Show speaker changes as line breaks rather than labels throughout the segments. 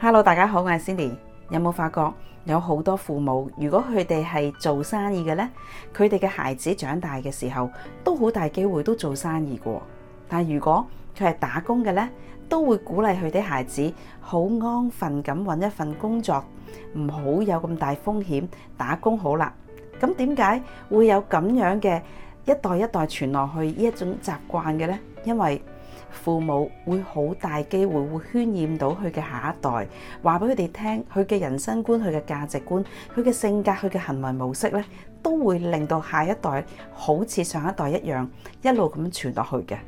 Hello，大家好，我係 Cindy。有冇發覺有好多父母，如果佢哋係做生意嘅咧，佢哋嘅孩子長大嘅時候，都好大機會都做生意過。但係如果佢係打工嘅咧，都會鼓勵佢哋孩子好安分咁搵一份工作，唔好有咁大風險打工好啦。咁點解會有咁樣嘅一代一代傳落去呢一種習慣嘅咧？因為父母會好大機會會渲染到佢嘅下一代，話俾佢哋聽，佢嘅人生觀、佢嘅價值觀、佢嘅性格、佢嘅行為模式咧，都會令到下一代好似上一代一樣，一路咁傳落去嘅，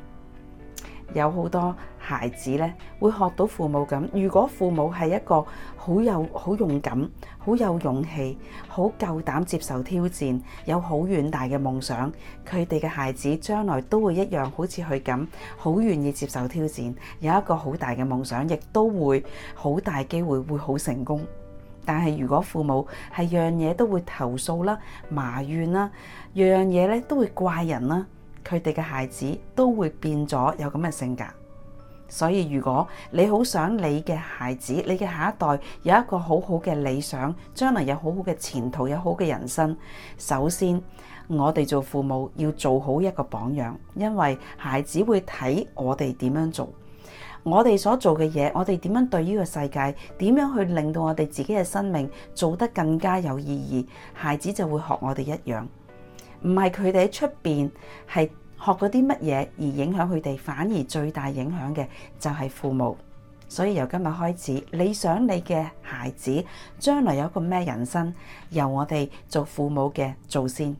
有好多。孩子咧會學到父母咁。如果父母係一個好有好勇敢、好有勇氣、好夠膽接受挑戰，有好遠大嘅夢想，佢哋嘅孩子將來都會一樣好似佢咁，好願意接受挑戰，有一個好大嘅夢想，亦都會好大機會會好成功。但係如果父母係樣嘢都會投訴啦、埋怨啦，樣樣嘢咧都會怪人啦，佢哋嘅孩子都會變咗有咁嘅性格。所以如果你好想你嘅孩子，你嘅下一代有一個好好嘅理想，將來有好好嘅前途，有好嘅人生，首先我哋做父母要做好一個榜樣，因為孩子會睇我哋點樣做，我哋所做嘅嘢，我哋點樣對呢個世界，點樣去令到我哋自己嘅生命做得更加有意義，孩子就會學我哋一樣，唔係佢哋喺出邊係。學嗰啲乜嘢，而影響佢哋，反而最大影響嘅就係父母。所以由今日開始，你想你嘅孩子將來有一個咩人生，由我哋做父母嘅做先。